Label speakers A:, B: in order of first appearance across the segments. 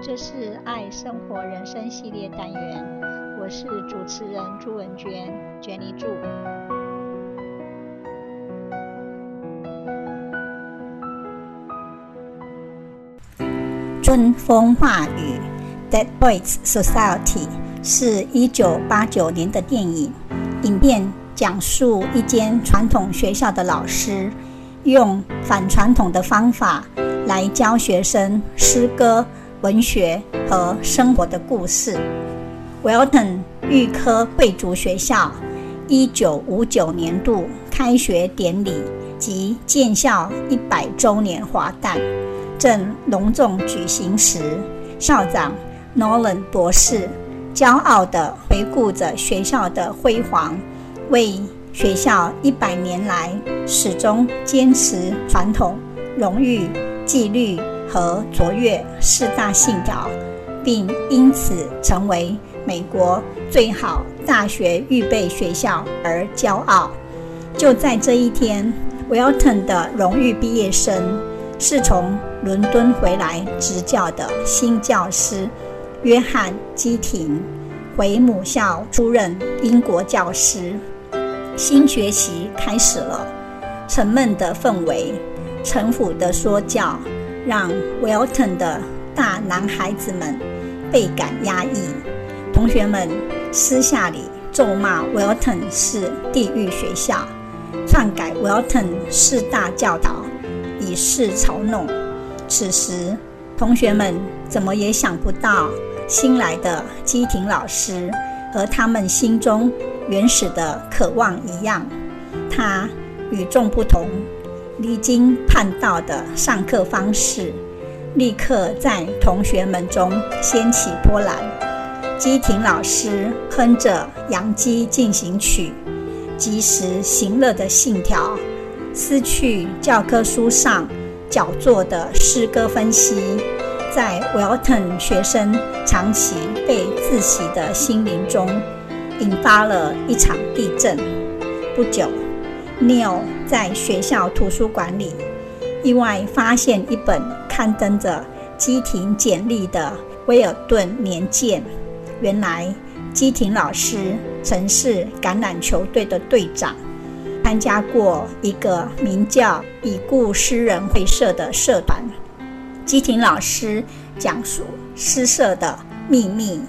A: 這是愛生活人生系列單元，我是主持人朱文娟，Jenny Zhu。春風化雨，《Dead Poets Society》是一九八九年的電影，影片講述一間傳統學校的老師用反傳統的方法來教學生詩歌。文學和生活的故事。威頓預科貴族學校一九五九年度開學典禮及建校一百周年華誕正隆重舉行時，校長 Nolan 博士驕傲地回顧着學校的輝煌，為學校一百年來始終堅持傳統、榮譽、紀律。和卓越四大信條，並因此成為美國最好大學預備學校而驕傲。就在這一天，Welton 的榮譽畢業生是從倫敦回來執教的新教師約翰基廷回母校出任英國教師。新學期開始了，沉悶的氛圍，陳腐的說教。讓 Welton 的大男孩子們倍感壓抑，同學們私下裡咒罵 Welton 是地獄學校，篡改 Welton 四大教導，以示嘲弄。此時，同學們怎麼也想不到，新來的基廷老師和他們心中原始的渴望一樣，他與眾不同。離經叛道的上課方式，立刻在同學們中掀起波瀾。基廷老師哼着《楊基進行曲》，及時行樂的信條，撕去教科書上腳註的詩歌分析，在 Welton 學生長期被窒息的心靈中，引發了一場地震。不久，Neil，Niel 在學校圖書館裡，意外發現一本刊登着基廷簡歷的《威爾頓年鑑》。原來，基廷老師曾是橄欖球隊的隊長，參加過一個名叫“已故詩人會社”的社團。基廷老師講述詩社的秘密，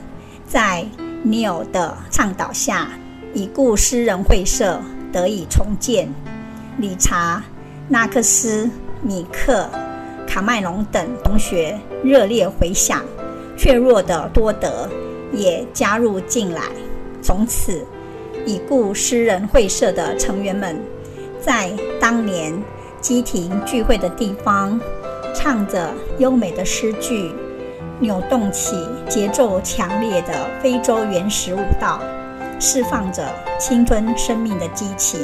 A: 在尼爾的倡導下，“已故詩人會社”得以重建。理查、納克斯、米克、卡麥隆等同學熱烈回響，怯弱的多德也加入進來。從此，已故詩人會社的成員們，在當年基廷聚會的地方，唱着優美的詩句，扭動起節奏強烈的非洲原始舞蹈，釋放着青春生命的激情。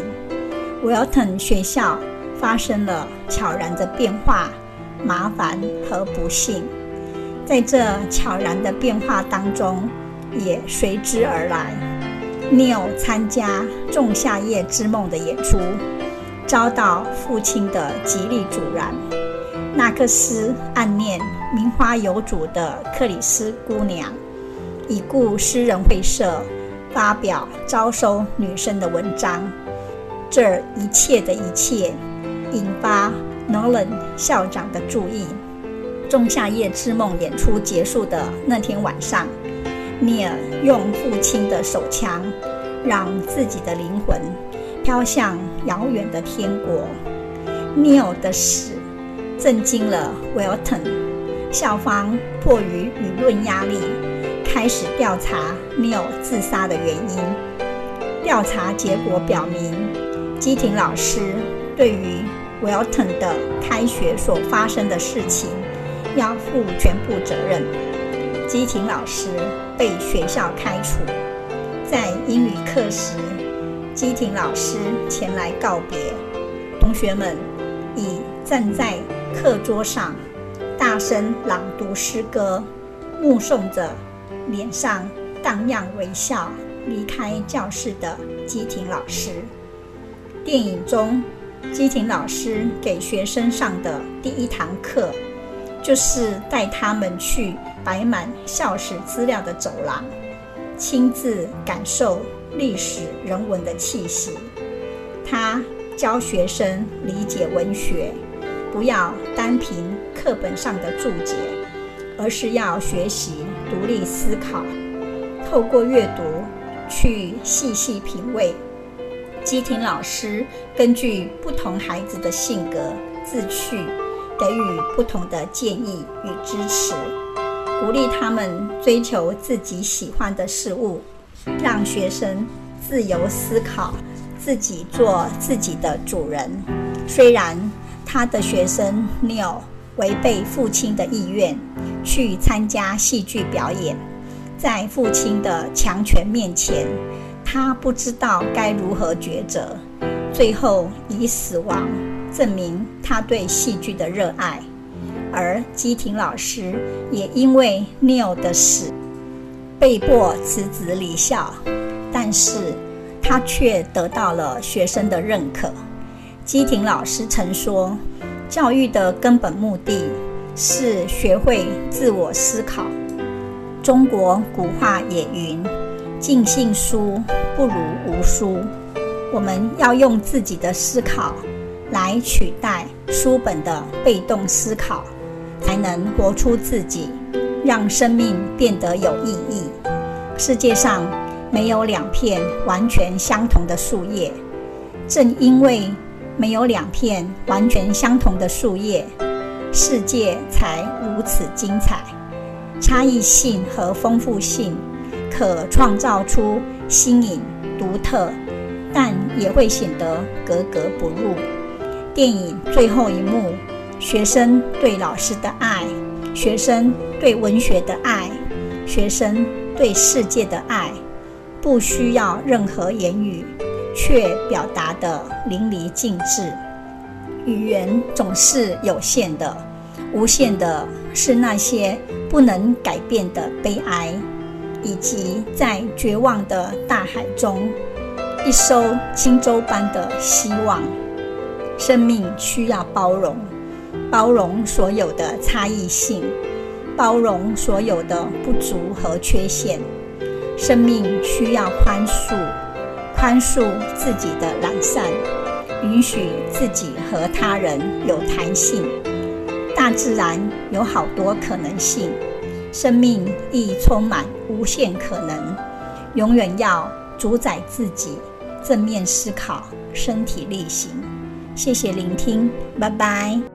A: Welton 學校發生了悄然的變化，麻煩和不幸在這悄然的變化當中也隨之而來。Neil 參加《仲夏夜之夢》的演出，遭到父親的極力阻攔。納克斯暗戀名花有主的克里斯姑娘。已故詩人會社發表招收女生的文章。這一切的一切，引發 Nolan 校長的注意。仲夏夜之夢演出結束的那天晚上，尼爾用父親的手槍，讓自己的靈魂飄向遙遠的天國。Neil 的死震驚了 Welton，校方迫於輿論壓力，開始調查尼爾自殺的原因。調查結果表明。基廷老師對於 Welton 的開學所發生的事情要負全部責任。基廷老師被學校開除。在英語課時，基廷老師前來告別。同學們已站在課桌上，大聲朗讀詩歌，目送着臉上蕩漾微笑離開教室的基廷老師。電影中，基廷老師給學生上的第一堂課，就是帶他們去擺滿校史資料的走廊，親自感受歷史人文的氣息。他教學生理解文學，不要單憑課本上的注解，而是要學習獨立思考，透過閱讀去細細品味。基廷老師根據不同孩子的性格、志趣，給予不同的建議與支持，鼓勵他們追求自己喜歡的事物，讓學生自由思考，自己做自己的主人。雖然他的學生 Neil 違背父親的意願去參加戲劇表演，在父親的強權面前。他不知道該如何抉擇，最後以死亡證明他對戲劇的熱愛。而基廷老師也因為 Neil 的死被迫辭職離校，但是他卻得到了學生的認可。基廷老師曾說：“教育的根本目的是學會自我思考。”中國古話也云。盡信書不如無書。我們要用自己的思考來取代書本的被動思考，才能活出自己，讓生命變得有意義。世界上沒有兩片完全相同的樹葉，正因為沒有兩片完全相同的樹葉，世界才如此精彩。差異性和豐富性。可創造出新穎獨特，但也會顯得格格不入。電影最後一幕，學生對老師的愛，學生對文學的愛，學生對世界的愛，不需要任何言語，卻表達得淋漓盡致。語言總是有限的，無限的是那些不能改變的悲哀。以及在絕望的大海中，一艘輕舟般的希望。生命需要包容，包容所有的差異性，包容所有的不足和缺陷。生命需要寬恕，寬恕自己的懶散，允許自己和他人有彈性。大自然有好多可能性。生命亦充滿無限可能，永遠要主宰自己，正面思考，身體力行。謝謝聆聽，拜拜。